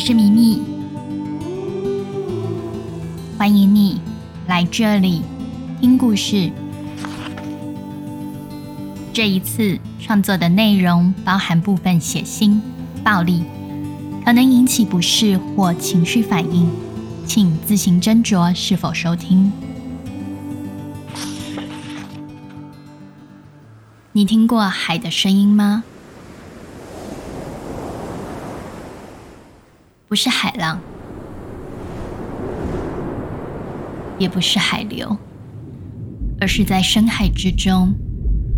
我是咪咪，歡迎你來這裡聽故事。這一次創作的內容包含部分血腥、暴力，可能引起不適或情緒反應，請自行斟酌是否收聽。你聽過海的聲音嗎？不是海浪，也不是海流，而是在深海之中，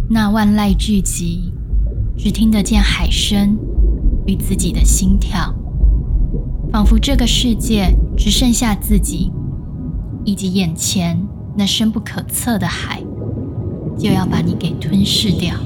那萬籟俱寂，只聽得見海聲與自己的心跳，仿佛這個世界只剩下自己，以及眼前那深不可測的海，就要把你給吞噬掉。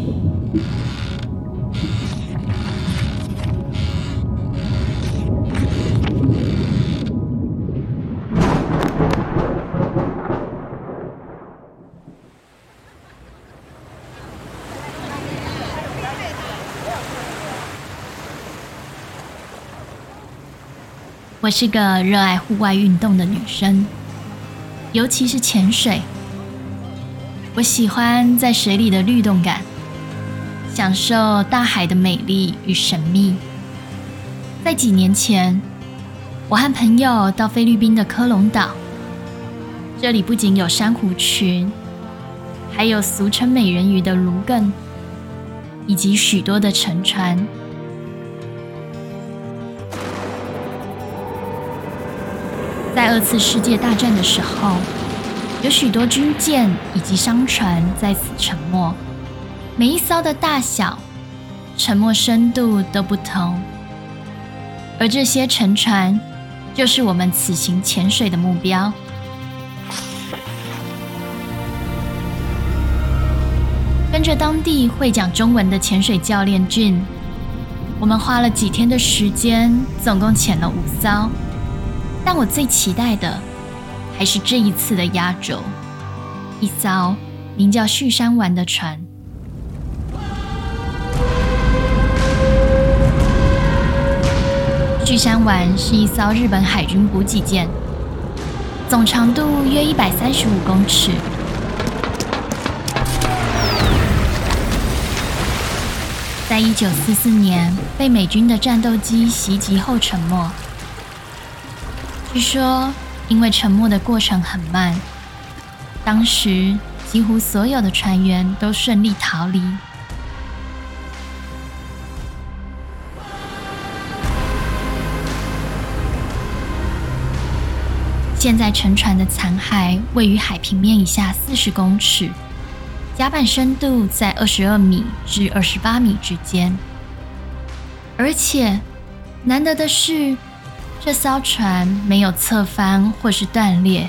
我是個熱愛戶外運動的女生，尤其是潛水。我喜歡在水裡的律動感，享受大海的美麗與神秘。在幾年前，我和朋友到菲律賓的科隆島，這裡不僅有珊瑚群，還有俗稱美人魚的儒艮，以及許多的沉船。在二次世界大戰的時候，有許多軍艦以及商船在此沉沒，每一艘的大小、沉沒深度都不同，而這些沉船就是我們此行潛水的目標。跟着當地會講中文的潛水教練俊，我們花了幾天的時間，總共潛了五艘。但我最期待的，還是這一次的壓軸——一艘名叫“旭山丸”的船。旭山丸是一艘日本海軍補給艦，總長度約一百三十五公尺，在一九四四年被美軍的戰鬥機襲擊後沉沒。據說，因為沉沒的過程很慢，當時幾乎所有的船員都順利逃離。 現在沉船的殘骸位於海平面以下四十公尺，甲板深度在二十二米至二十八米之間，而且難得的是，這艘船沒有側翻或是斷裂，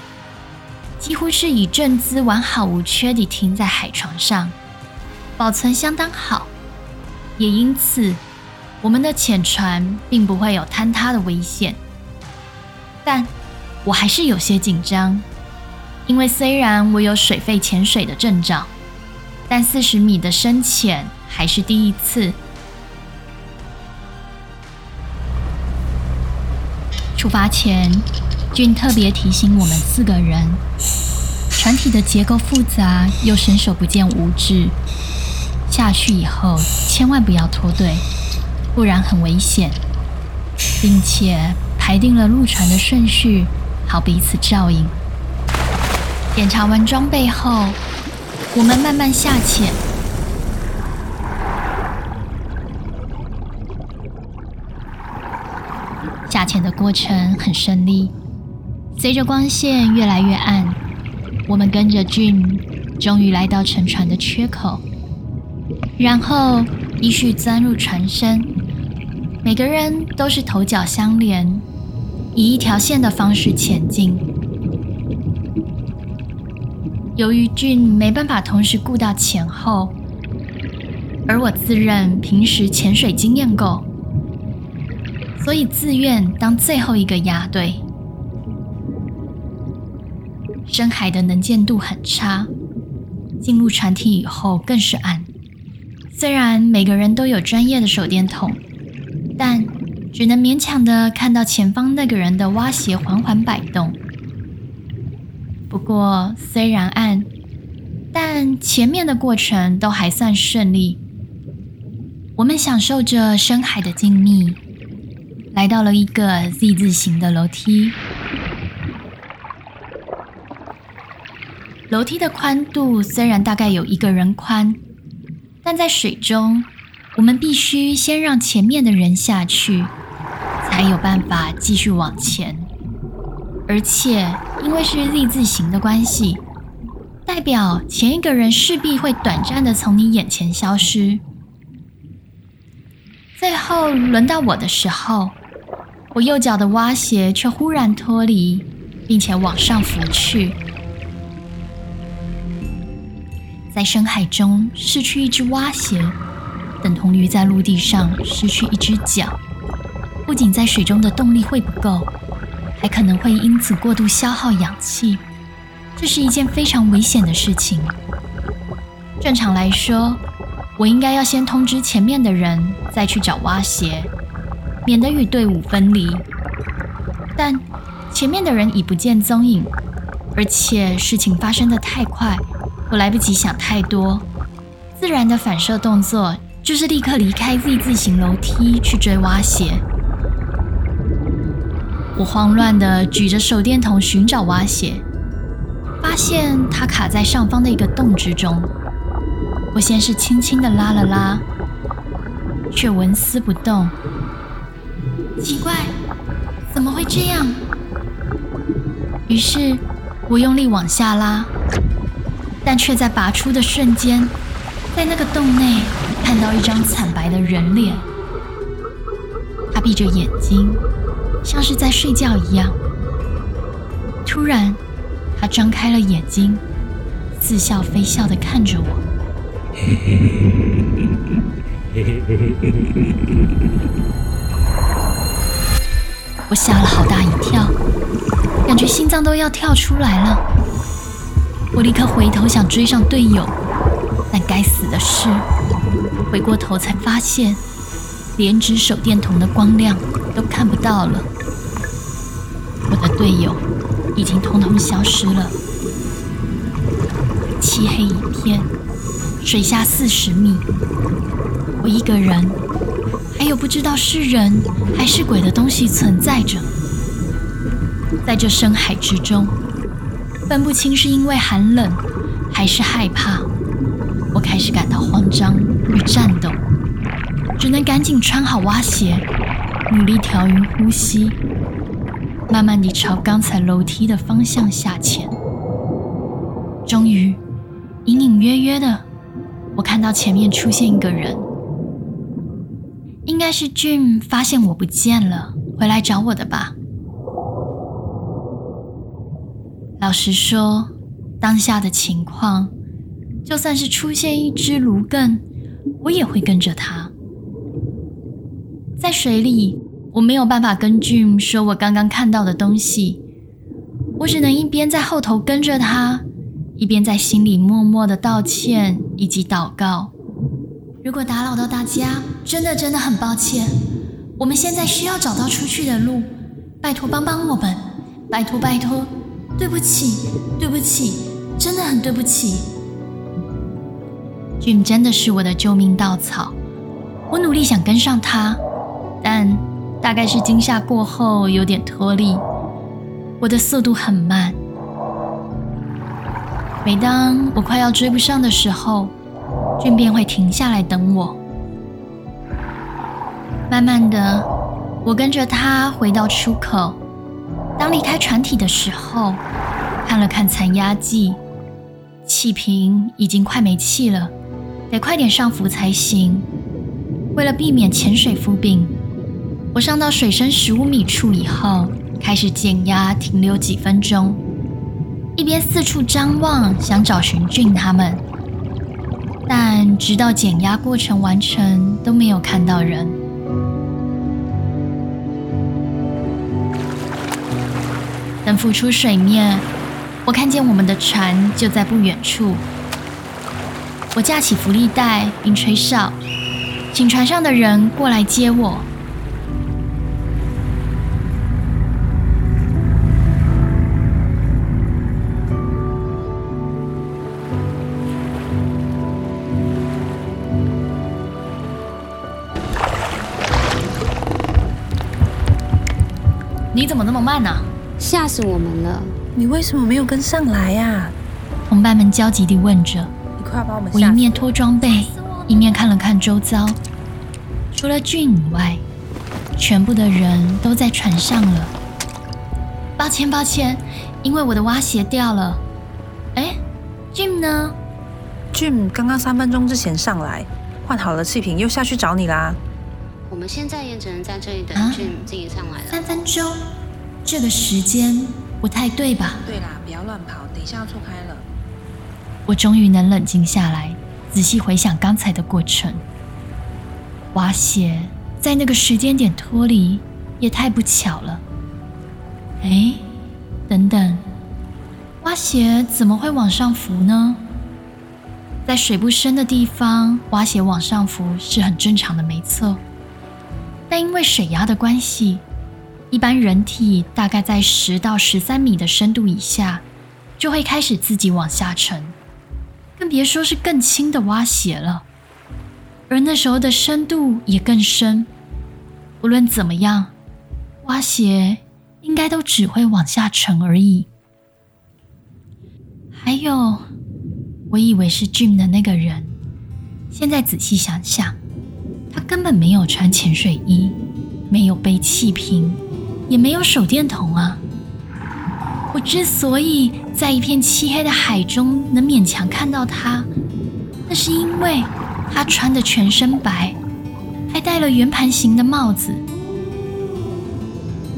幾乎是以正姿完好無缺地停在海床上，保存相當好。也因此，我們的潛船並不會有坍塌的危險。但，我還是有些緊張，因為雖然我有水肺潛水的證照，但四十米的深潛還是第一次。出發前，俊特別提醒我們四個人：船體的結構複雜，又伸手不見五指，下去以後千萬不要脫隊，不然很危險。並且排定了入船的順序，好彼此照應。檢查完裝備後，我們慢慢下潛。下潛的過程很順利，隨着光線越來越暗，我們跟着俊終於來到沉船的缺口，然後依序鑽入船身。每個人都是頭腳相連，以一條線的方式前進。由於俊沒辦法同時顧到前後，而我自認平時潛水經驗夠。所以自願當最後一個壓隊。深海的能見度很差，進入船體以後更是暗。雖然每個人都有專業的手電筒，但只能勉強地看到前方那個人的蛙鞋緩緩擺動。不過雖然暗，但前面的過程都還算順利。我們享受着深海的靜謐。來到了一個 Z 字形的樓梯，樓梯的寬度雖然大概有一個人寬，但在水中，我們必須先讓前面的人下去，才有辦法繼續往前。而且因為是 Z 字形的關係，代表前一個人勢必會短暫的從你眼前消失。最後輪到我的時候。我右腳的蛙鞋卻忽然脫離，并且往上浮去。在深海中失去一隻蛙鞋，等同於在陸地上失去一隻腳。不僅在水中的動力會不夠，還可能會因此過度消耗氧氣。這是一件非常危險的事情。正常來說，我應該要先通知前面的人，再去找蛙鞋。免得與隊伍分離，但前面的人已不見蹤影，而且事情發生得太快，我來不及想太多。自然的反射動作就是立刻離開 V 字形樓梯去追蛙鞋。我慌亂地舉着手電筒尋找蛙鞋，發現它卡在上方的一個洞之中。我先是輕輕地拉了拉，卻紋絲不動。奇怪，怎麼會這樣？於是我用力往下拉，但卻在拔出的瞬間，在那個洞內看到一張慘白的人臉。他閉着眼睛，像是在睡覺一樣。突然，他張開了眼睛，似笑非笑的看着我。 我嚇了好大一跳，感覺心臟都要跳出來了。我立刻回頭想追上隊友，但該死的是，回過頭才發現，連隻手電筒的光亮都看不到了。我的隊友已經統統消失了，漆黑一片，水下四十米，我一個人。又不知道是人還是鬼的東西存在着，在這深海之中，分不清是因為寒冷還是害怕，我開始感到慌張與顫抖，只能趕緊穿好蛙鞋，努力調勻呼吸，慢慢地朝剛才樓梯的方向下潛。終於，隱隱約約的，我看到前面出現一個人。應該是 Jim 發現我不見了，回來找我的吧。老實說，當下的情況，就算是出現一隻盧根，我也會跟着他。在水裡，我沒有辦法跟 Jim 說我剛剛看到的東西，我只能一邊在後頭跟着他，一邊在心裡默默的道歉以及禱告。如果打擾到大家，真的真的很抱歉。我們現在需要找到出去的路，拜托幫幫我們，拜托拜托。對不起，對不起，真的很對不起。Jim 真的是我的救命稻草，我努力想跟上他，但大概是驚嚇過後有點脫力，我的速度很慢。每當我快要追不上的時候，俊便會停下來等我。慢慢的，我跟着他回到出口。當離開船體的時候，看了看殘壓計，氣瓶已經快沒氣了，得快點上浮才行。為了避免潛水夫病，我上到水深十五米處以後，開始減壓，停留幾分鐘，一邊四處張望，想找尋俊他們。但直到減壓過程完成，都沒有看到人。等浮出水面，我看見我們的船就在不遠處。我架起浮力袋，並吹哨，請船上的人過來接我。你怎麼那麼慢呢、啊？嚇死我們了！你為什麼沒有跟上來呀、啊？同伴們焦急地問着。你快要把我們嚇死！我，我一面脫裝備，一面看了看周遭，除了 Jim 以外，全部的人都在船上了。抱歉，抱歉，因為我的蛙鞋掉了。哎，Jim 呢？Jim 剛剛三分鐘之前上來，換好了氣瓶，又下去找你啦。我們現在也只能在這裡等，自己上來了。啊？三分鐘，這個時間不太對吧？對啦，不要亂跑，等一下要錯開了。我終於能冷靜下來，仔細回想剛才的過程。蛙鞋在那個時間點脫離，也太不巧了。哎，等等，蛙鞋怎麼會往上浮呢？在水不深的地方，蛙鞋往上浮是很正常的，沒錯。但因為水壓的關係，一般人體大概在十到十三米的深度以下，就會開始自己往下沉，更別說是更輕的蛙鞋了。而那時候的深度也更深。無論怎麼樣，蛙鞋應該都只會往下沉而已。還有，我以為是 Jim 的那個人，現在仔細想想。他根本沒有穿潛水衣，沒有背氣瓶，也沒有手電筒啊！我之所以在一片漆黑的海中能勉強看到他，那是因為他穿的全身白，還戴了圓盤形的帽子。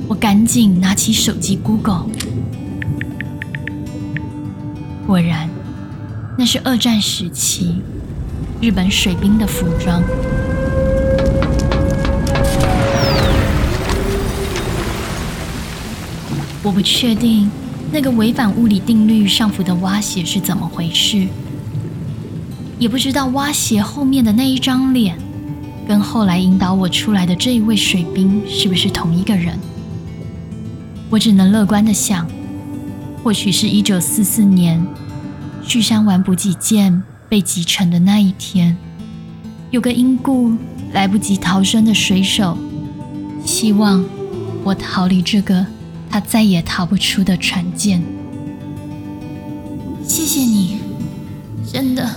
我趕緊拿起手機，Google，果然，那是二戰時期日本水兵的服裝。我不確定那個違反物理定律上浮的蛙鞋是怎麼回事，也不知道蛙鞋後面的那一張臉，跟後來引導我出來的這一位水兵是不是同一個人。我只能樂觀的想，或許是一九四四年旭山丸補給艦被擊沉的那一天，有個因故來不及逃生的水手，希望我逃離這個。他再也逃不出的船艦。謝謝你，真的，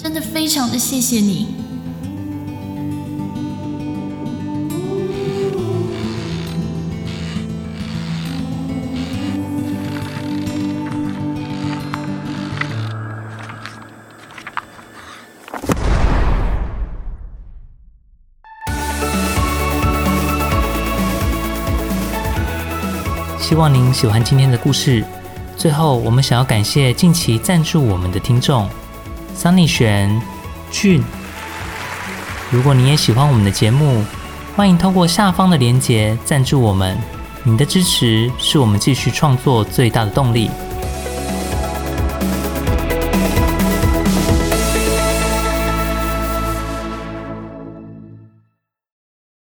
真的，非常的謝謝你。希望您喜歡今天的故事。最後，我們想要感謝近期贊助我們的聽眾，Sunny 璿、竣。如果你也喜歡我們的節目，歡迎通過下方的鏈接贊助我們。你的支持是我們繼續創作最大的動力。